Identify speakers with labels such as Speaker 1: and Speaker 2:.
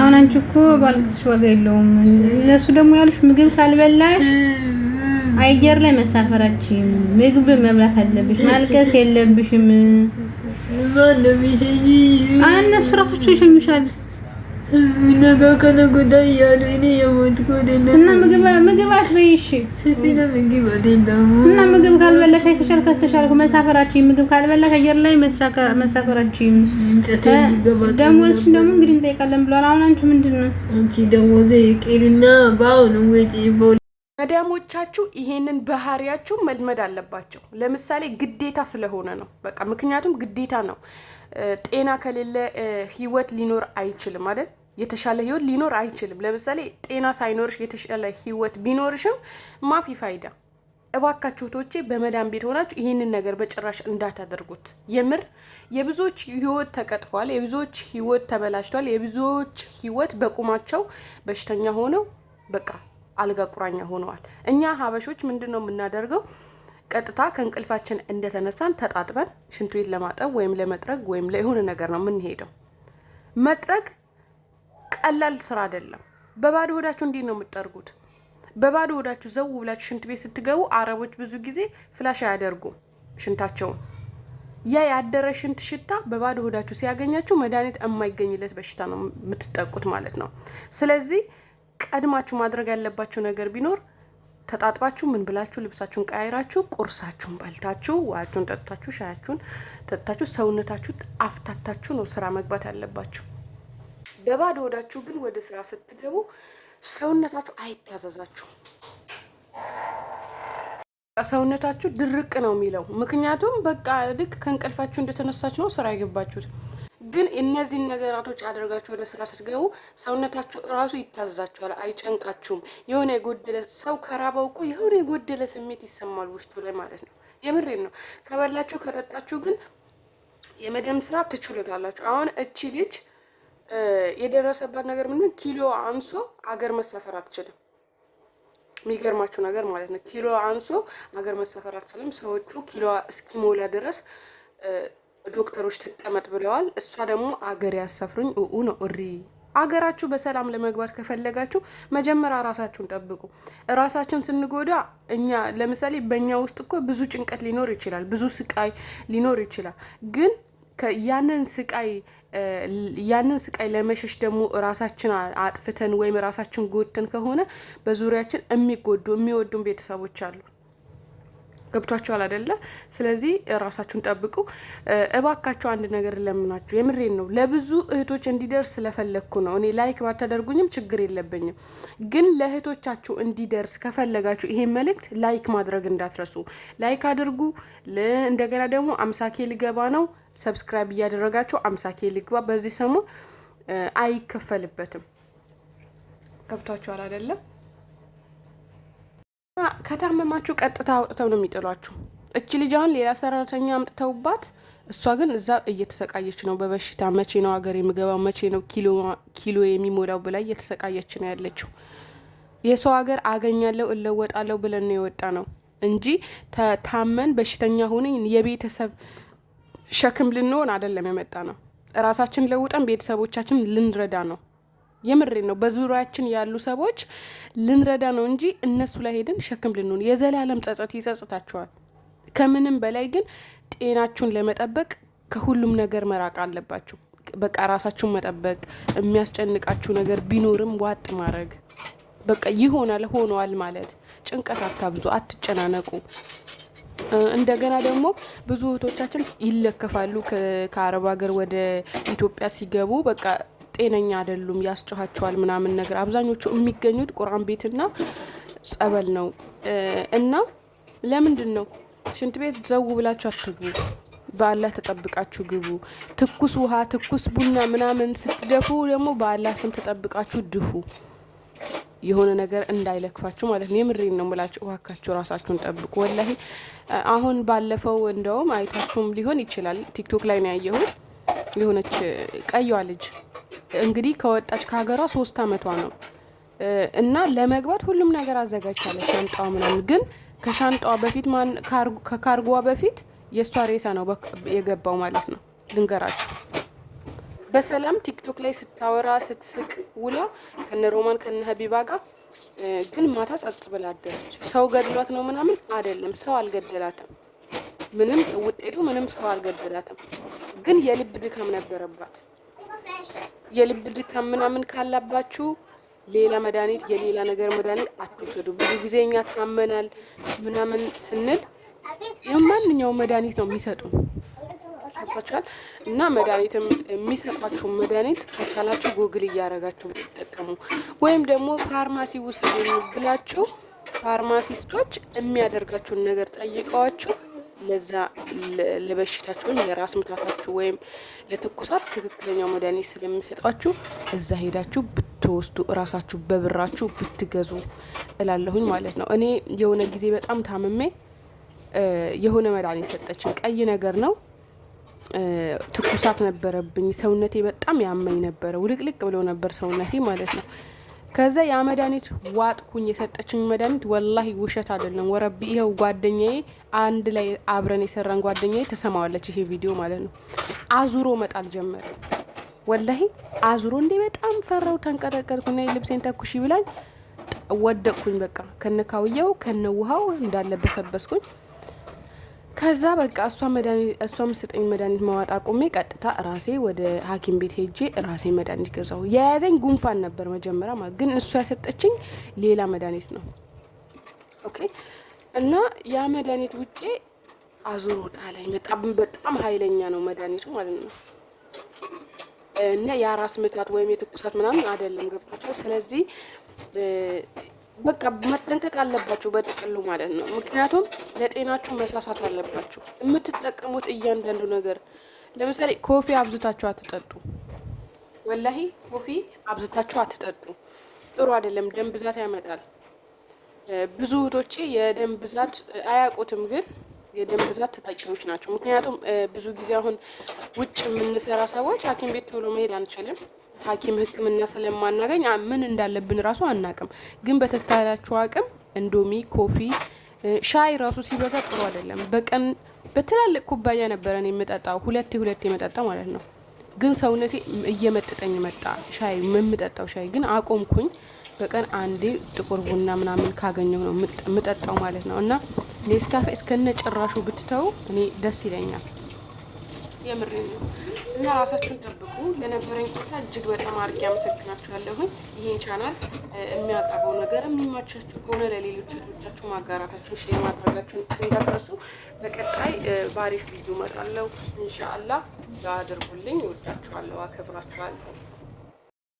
Speaker 1: አሁን አንቺ እኮ ባልክሽ ዋጋ የለውም። እነሱ ደግሞ ያሉሽ ምግብ ካልበላሽ አየር ላይ መሳፈራችም ምግብ መብላት አለብሽ። ማልቀስ የለብሽም። እነሱ ራሳቸው ይሸኙሻል።
Speaker 2: ነገ ከነገ ወዲያ እያሉ እኔ የሞትኩ እና
Speaker 1: ምግብ ምግብ አትበይ። እሺ
Speaker 2: አይደለም
Speaker 1: እና ምግብ ካልበላሽ አይተሻል። ምግብ ካልበላሽ አየር ላይ ደሞዝሽ ደግሞ እንግዲህ እንጠይቃለን አሁን አንቺ ምንድን ነው
Speaker 2: አንቺ ይቅርና በአሁኑ ወጪ
Speaker 3: መዳሞቻችሁ ይሄንን ባህሪያችሁ መልመድ አለባቸው። ለምሳሌ ግዴታ ስለሆነ ነው። በቃ ምክንያቱም ግዴታ ነው። ጤና ከሌለ ህይወት ሊኖር አይችልም አይደል? የተሻለ ህይወት ሊኖር አይችልም። ለምሳሌ ጤና ሳይኖርሽ የተሻለ ህይወት ቢኖርሽም ማፊ ፋይዳ። እባካችሁ ቶቼ በመዳን ቤት ሆናችሁ ይህንን ነገር በጭራሽ እንዳታደርጉት። የምር የብዙዎች ህይወት ተቀጥፏል። የብዙዎች ህይወት ተበላሽቷል። የብዙዎች ህይወት በቁማቸው በሽተኛ ሆነው በቃ አልጋ ቁራኛ ሆነዋል። እኛ ሀበሾች ምንድን ነው የምናደርገው? ቀጥታ ከእንቅልፋችን እንደተነሳን ተጣጥበን ሽንት ቤት ለማጠብ ወይም ለመጥረግ ወይም ለሆነ ነገር ነው የምንሄደው። መጥረግ ቀላል ስራ አይደለም። በባዶ ሆዳችሁ እንዴት ነው የምትጠርጉት? በባዶ ሆዳችሁ ዘው ብላችሁ ሽንት ቤት ስትገቡ አረቦች ብዙ ጊዜ ፍላሽ አያደርጉም ሽንታቸውን። ያ ያደረ ሽንት ሽታ በባዶ ሆዳችሁ ሲያገኛችሁ መድኃኒት የማይገኝለት በሽታ ነው የምትጠቁት ማለት ነው። ስለዚህ ቀድማችሁ ማድረግ ያለባችሁ ነገር ቢኖር ተጣጥባችሁ ምን ብላችሁ ልብሳችሁን ቀያይራችሁ ቁርሳችሁን በልታችሁ ውሃችሁን ጠጥታችሁ ሻያችሁን ጠጥታችሁ ሰውነታችሁ አፍታታችሁ ነው ስራ መግባት ያለባችሁ። በባዶ ወዳችሁ ግን ወደ ስራ ስትገቡ ሰውነታችሁ አይታዘዛችሁ፣ ሰውነታችሁ ድርቅ ነው የሚለው። ምክንያቱም በቃ ልክ ከእንቅልፋችሁ እንደተነሳች ነው ስራ የገባችሁት። ግን እነዚህን ነገራቶች አድርጋችሁ ወደ ስራ ስትገቡ ሰውነታችሁ እራሱ ይታዘዛችኋል፣ አይጨንቃችሁም። የሆነ የጎደለ ሰው ከራበው እኮ የሆነ የጎደለ ስሜት ይሰማል ውስጡ ላይ ማለት ነው። የምሬን ነው። ከበላችሁ ከጠጣችሁ ግን የመደም ስራ ትችሉታላችሁ። አሁን እቺ ልጅ የደረሰባት ነገር ምንድን ኪሎ አንሶ አገር መሰፈር አትችልም። የሚገርማችሁ ነገር ማለት ነው። ኪሎ አንሶ አገር መሰፈር አትችልም። ሰዎቹ ኪሎ እስኪሞላ ድረስ ዶክተሮች ትቀመጥ ብለዋል። እሷ ደግሞ አገር ያሰፍሩኝ ኡኡ ነው እሪ አገራችሁ በሰላም ለመግባት ከፈለጋችሁ መጀመሪያ ራሳችሁን ጠብቁ። ራሳችን ስንጎዳ እኛ ለምሳሌ በእኛ ውስጥ እኮ ብዙ ጭንቀት ሊኖር ይችላል፣ ብዙ ስቃይ ሊኖር ይችላል ግን ያንን ስቃይ ያንን ስቃይ ለመሸሽ ደግሞ ራሳችን አጥፍተን ወይም ራሳችን ጎድተን ከሆነ በዙሪያችን የሚጎዱ የሚወዱን ቤተሰቦች አሉ። ገብቷችኋል አይደለ? ስለዚህ ራሳችሁን ጠብቁ እባካችሁ። አንድ ነገር ለምናችሁ፣ የምሬን ነው። ለብዙ እህቶች እንዲደርስ ስለፈለግኩ ነው። እኔ ላይክ ባታደርጉኝም ችግር የለብኝም፣ ግን ለእህቶቻችሁ እንዲደርስ ከፈለጋችሁ ይሄን መልእክት ላይክ ማድረግ እንዳትረሱ። ላይክ አድርጉ። እንደገና ደግሞ አምሳኬ ልገባ ነው ሰብስክራይብ እያደረጋችሁ አምሳኬ ልግባ። በዚህ ሰሞን አይከፈልበትም። ገብቷችኋል አይደለም? ከታመማችሁ ቀጥታ አውጥተው ነው የሚጥሏችሁ። እች ልጅ አሁን ሌላ ሰራተኛ አምጥተውባት፣ እሷ ግን እዛ እየተሰቃየች ነው በበሽታ መቼ ነው ሀገር የምገባው መቼ ነው ኪሎ የሚሞላው ብላ እየተሰቃየች ነው ያለችው። የሰው ሀገር አገኛለሁ እለወጣለሁ ብለን ነው የወጣ ነው እንጂ ታመን በሽተኛ ሆነ የቤተሰብ ሸክም ልንሆን አይደለም የመጣ ነው። እራሳችን ለውጠን ቤተሰቦቻችን ልንረዳ ነው። የምሬ ነው። በዙሪያችን ያሉ ሰዎች ልንረዳ ነው እንጂ እነሱ ላይ ሄድን ሸክም ልንሆን የዘላለም ጸጸት ይጸጽታቸዋል። ከምንም በላይ ግን ጤናችሁን ለመጠበቅ ከሁሉም ነገር መራቅ አለባችሁ። በቃ ራሳችሁን መጠበቅ የሚያስጨንቃችሁ ነገር ቢኖርም ዋጥ ማድረግ በቃ ይሆናል ሆነዋል ማለት ጭንቀት አታብዙ፣ አትጨናነቁ። እንደገና ደግሞ ብዙ እህቶቻችን ይለከፋሉ ከአረብ ሀገር ወደ ኢትዮጵያ ሲገቡ በቃ ጤነኛ አይደሉም፣ ያስጨኋቸዋል ምናምን ነገር። አብዛኞቹ የሚገኙት ቁርአን ቤትና ጸበል ነው እና ለምንድን ነው ሽንት ቤት ዘው ብላችሁ አትግቡ። በአላህ ተጠብቃችሁ ግቡ። ትኩስ ውሃ፣ ትኩስ ቡና ምናምን ስትደፉ ደግሞ በአላህ ስም ተጠብቃችሁ ድፉ። የሆነ ነገር እንዳይለክፋችሁ ማለት ነው። የምሬን ነው ምላችሁ፣ እባካችሁ ራሳችሁን ጠብቁ። ወላሂ አሁን ባለፈው እንደውም አይታችሁም ሊሆን ይችላል ቲክቶክ ላይ ነው ያየሁት። የሆነች ቀይዋ ልጅ እንግዲህ ከወጣች ከሀገሯ ሶስት አመቷ ነው እና ለመግባት ሁሉም ነገር አዘጋጅታለች፣ ሻንጣዋ ምናምን። ግን ከሻንጣዋ በፊት ከካርጓ በፊት የእሷ ሬሳ ነው የገባው ማለት ነው። ልንገራችሁ በሰላም ቲክቶክ ላይ ስታወራ ስትስቅ ውላ ከነ ሮማን ከነ ሀቢባ ጋር ግን ማታ ጸጥ ብላ አደረች። ሰው ገድሏት ነው ምናምን አይደለም፣ ሰው አልገደላትም። ምንም ውጤቱ ምንም ሰው አልገደላትም፣ ግን የልብ ድካም ነበረባት። የልብ ድካም ምናምን ካላባችሁ ሌላ መድኃኒት የሌላ ነገር መድኃኒት አትወሰዱ። ብዙ ጊዜ እኛ ታመናል ምናምን ስንል ማንኛውም መድኃኒት ነው የሚሰጡ ገብቷችኋል። እና መድኃኒትም የሚሰጣችሁ መድኃኒት ከቻላችሁ ጉግል እያደረጋችሁ ብትጠቀሙ ወይም ደግሞ ፋርማሲ ውሰድ ብላችሁ ፋርማሲስቶች የሚያደርጋችሁን ነገር ጠይቀዋችሁ ለዛ ለበሽታችሁን ለራስ ምታታችሁ ወይም ለትኩሳት ትክክለኛው መድኃኒት ስለሚሰጧችሁ እዛ ሄዳችሁ ብትወስዱ እራሳችሁ በብራችሁ ብትገዙ እላለሁኝ ማለት ነው። እኔ የሆነ ጊዜ በጣም ታምሜ የሆነ መድኃኒት ሰጠችን። ቀይ ነገር ነው ትኩሳት ነበረብኝ። ሰውነቴ በጣም ያመኝ ነበረ። ውልቅልቅ ብሎ ነበር ሰውነቴ ማለት ነው። ከዛ ያ መድኃኒት ዋጥኩኝ። የሰጠችኝ መድኃኒት ወላሂ ውሸት አይደለም። ወረብ ይኸው ጓደኛዬ አንድ ላይ አብረን የሰራን ጓደኛዬ ትሰማዋለች ይሄ ቪዲዮ ማለት ነው። አዙሮ መጣል ጀመረ። ወላሂ አዙሮ እንዴ በጣም ፈራው፣ ተንቀጠቀጥኩና ልብሴን ተኩሽ ይብላኝ ወደቅኩኝ። በቃ ከነ ከነውሃው ከነ ውሃው እንዳለበሰበስኩኝ ከዛ በቃ እሷ ምስጠኝ መድኃኒት ማዋጥ አቁሜ ቀጥታ ራሴ ወደ ሐኪም ቤት ሄጄ ራሴ መድኃኒት ገዛው የያዘኝ ጉንፋን ነበር መጀመሪያ ማለት ግን እሷ ያሰጠችኝ ሌላ መድኃኒት ነው። ኦኬ እና ያ መድኃኒት ውጪ አዙሮ ጣለኝ። በጣም በጣም ኃይለኛ ነው መድኃኒቱ ማለት ነው። እና የራስ ምታት ወይም የትኩሳት ምናምን አይደለም ገብቷቸው ስለዚህ በቃ መጠንቀቅ አለባችሁ በጥቅሉ ማለት ነው። ምክንያቱም ለጤናችሁ መሳሳት አለባችሁ የምትጠቀሙት እያንዳንዱ ነገር። ለምሳሌ ኮፊ አብዝታችሁ አትጠጡ። ወላሂ ኮፊ አብዝታችሁ አትጠጡ፣ ጥሩ አይደለም። ደም ብዛት ያመጣል። ብዙ እህቶቼ የደም ብዛት አያውቁትም፣ ግን የደም ብዛት ተጠቂዎች ናቸው። ምክንያቱም ብዙ ጊዜ አሁን ውጭ የምንሰራ ሰዎች ሐኪም ቤት ቶሎ መሄድ አንችልም። ሐኪም ህክምና ስለማናገኝ ምን እንዳለብን ራሱ አናቅም። ግን በተታላችሁ አቅም እንዶሚ፣ ኮፊ፣ ሻይ ራሱ ሲበዛ ጥሩ አይደለም። በቀን በትላልቅ ኩባያ ነበረን የምጠጣው ሁለቴ ሁለቴ የመጠጣው ማለት ነው። ግን ሰውነቴ እየመጠጠኝ መጣ። ሻይ የምጠጣው ሻይ ግን አቆምኩኝ። በቀን አንዴ ጥቁር ቡና ምናምን ካገኘው ነው የምጠጣው ማለት ነው። እና ኔስካፌ እስከነ ጭራሹ ብትተው እኔ ደስ ይለኛል። የምሬ ነው እና ራሳችሁን ጠብቁ። ለነበረኝ ቆይታ እጅግ በጣም አድርጌ አመሰግናችኋለሁኝ። ይህን ቻናል የሚያቀርበው ነገር የሚማቻችሁ ከሆነ ለሌሎች እህቶቻችሁ ማጋራታችሁን፣ ሼር ማድረጋችሁን እንዳትረሱ። በቀጣይ በአሪፍ ቪዲዮ እመጣለሁ። እንሻአላ አድርጉልኝ። እወዳችኋለሁ፣ አከብራችኋለሁ።